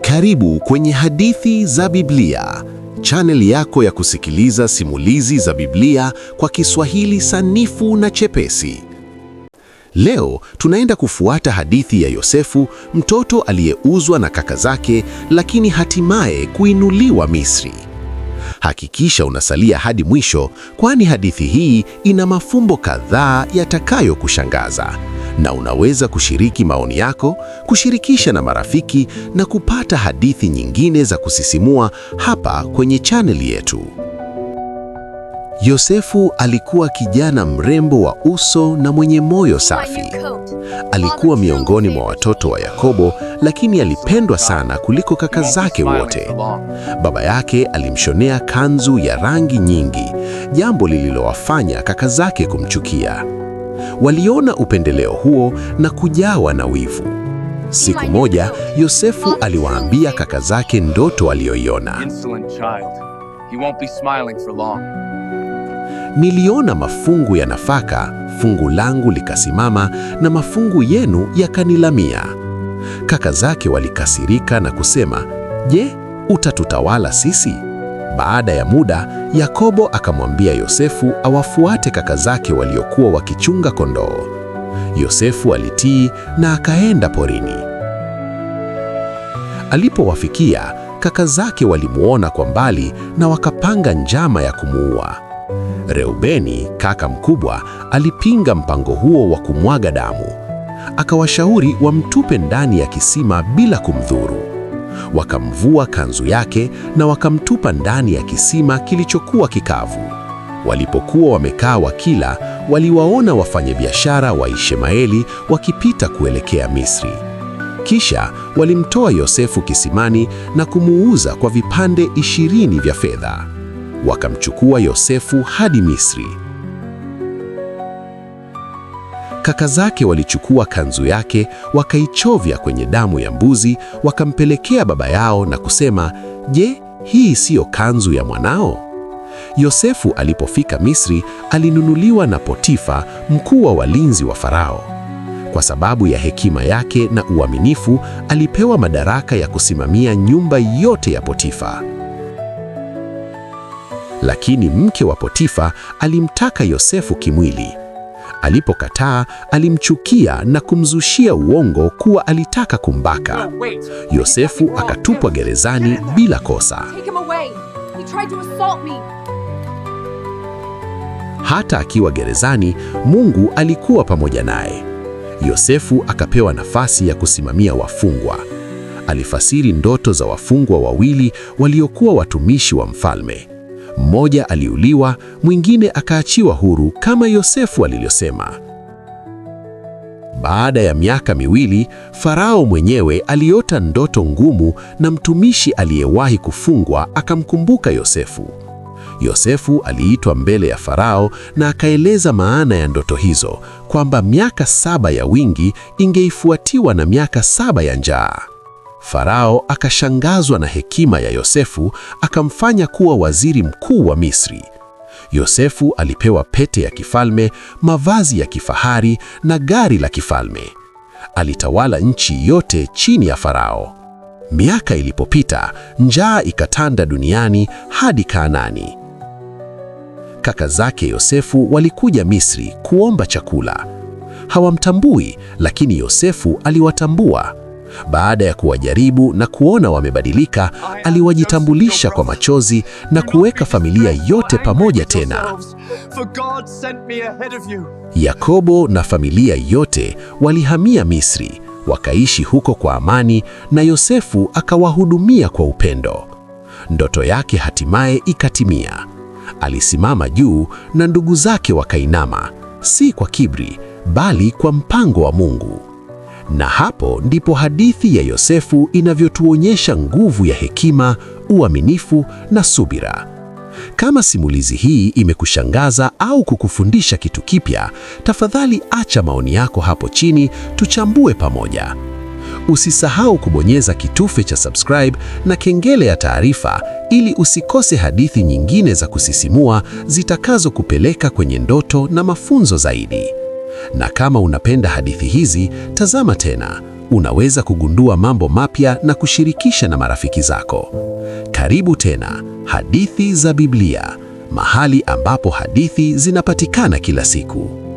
Karibu kwenye Hadithi za Biblia, chaneli yako ya kusikiliza simulizi za Biblia kwa Kiswahili sanifu na chepesi. Leo tunaenda kufuata hadithi ya Yosefu, mtoto aliyeuzwa na kaka zake, lakini hatimaye kuinuliwa Misri. Hakikisha unasalia hadi mwisho, kwani hadithi hii ina mafumbo kadhaa yatakayokushangaza na unaweza kushiriki maoni yako, kushirikisha na marafiki na kupata hadithi nyingine za kusisimua hapa kwenye chaneli yetu. Yosefu alikuwa kijana mrembo wa uso na mwenye moyo safi. Alikuwa miongoni mwa watoto wa Yakobo, lakini alipendwa sana kuliko kaka zake wote. Baba yake alimshonea kanzu ya rangi nyingi, jambo lililowafanya kaka zake kumchukia. Waliona upendeleo huo na kujawa na wivu. Siku moja Yosefu aliwaambia kaka zake ndoto aliyoiona. Niliona mafungu ya nafaka, fungu langu likasimama na mafungu yenu yakanilamia. Kaka zake walikasirika na kusema, "Je, utatutawala sisi?" Baada ya muda, Yakobo akamwambia Yosefu awafuate kaka zake waliokuwa wakichunga kondoo. Yosefu alitii na akaenda porini. Alipowafikia, kaka zake walimuona kwa mbali na wakapanga njama ya kumuua. Reubeni, kaka mkubwa, alipinga mpango huo wa kumwaga damu. Akawashauri wamtupe ndani ya kisima bila kumdhuru. Wakamvua kanzu yake na wakamtupa ndani ya kisima kilichokuwa kikavu. Walipokuwa wamekaa wakila, waliwaona wafanyabiashara wa Ishmaeli wakipita kuelekea Misri. Kisha walimtoa Yosefu kisimani na kumuuza kwa vipande ishirini vya fedha. Wakamchukua Yosefu hadi Misri. Kaka zake walichukua kanzu yake wakaichovya kwenye damu ya mbuzi, wakampelekea baba yao na kusema, je, hii siyo kanzu ya mwanao? Yosefu alipofika Misri alinunuliwa na Potifa, mkuu wa walinzi wa Farao. Kwa sababu ya hekima yake na uaminifu, alipewa madaraka ya kusimamia nyumba yote ya Potifa. Lakini mke wa Potifa alimtaka Yosefu kimwili, Alipokataa, alimchukia na kumzushia uongo kuwa alitaka kumbaka. Yosefu akatupwa gerezani bila kosa. Hata akiwa gerezani, Mungu alikuwa pamoja naye. Yosefu akapewa nafasi ya kusimamia wafungwa. Alifasiri ndoto za wafungwa wawili waliokuwa watumishi wa mfalme. Mmoja aliuliwa, mwingine akaachiwa huru kama Yosefu alivyosema. Baada ya miaka miwili, Farao mwenyewe aliota ndoto ngumu na mtumishi aliyewahi kufungwa akamkumbuka Yosefu. Yosefu aliitwa mbele ya Farao na akaeleza maana ya ndoto hizo, kwamba miaka saba ya wingi ingeifuatiwa na miaka saba ya njaa. Farao akashangazwa na hekima ya Yosefu, akamfanya kuwa waziri mkuu wa Misri. Yosefu alipewa pete ya kifalme, mavazi ya kifahari na gari la kifalme. Alitawala nchi yote chini ya Farao. Miaka ilipopita, njaa ikatanda duniani hadi Kaanani. Kaka zake Yosefu walikuja Misri kuomba chakula. Hawamtambui, lakini Yosefu aliwatambua. Baada ya kuwajaribu na kuona wamebadilika, aliwajitambulisha kwa machozi na kuweka familia yote pamoja tena. Yakobo na familia yote walihamia Misri, wakaishi huko kwa amani na Yosefu akawahudumia kwa upendo. Ndoto yake hatimaye ikatimia. Alisimama juu na ndugu zake wakainama, si kwa kiburi, bali kwa mpango wa Mungu. Na hapo ndipo hadithi ya Yosefu inavyotuonyesha nguvu ya hekima, uaminifu na subira. Kama simulizi hii imekushangaza au kukufundisha kitu kipya, tafadhali acha maoni yako hapo chini tuchambue pamoja. Usisahau kubonyeza kitufe cha subscribe na kengele ya taarifa ili usikose hadithi nyingine za kusisimua zitakazokupeleka kwenye ndoto na mafunzo zaidi. Na kama unapenda hadithi hizi, tazama tena. Unaweza kugundua mambo mapya na kushirikisha na marafiki zako. Karibu tena Hadithi za Biblia, mahali ambapo hadithi zinapatikana kila siku.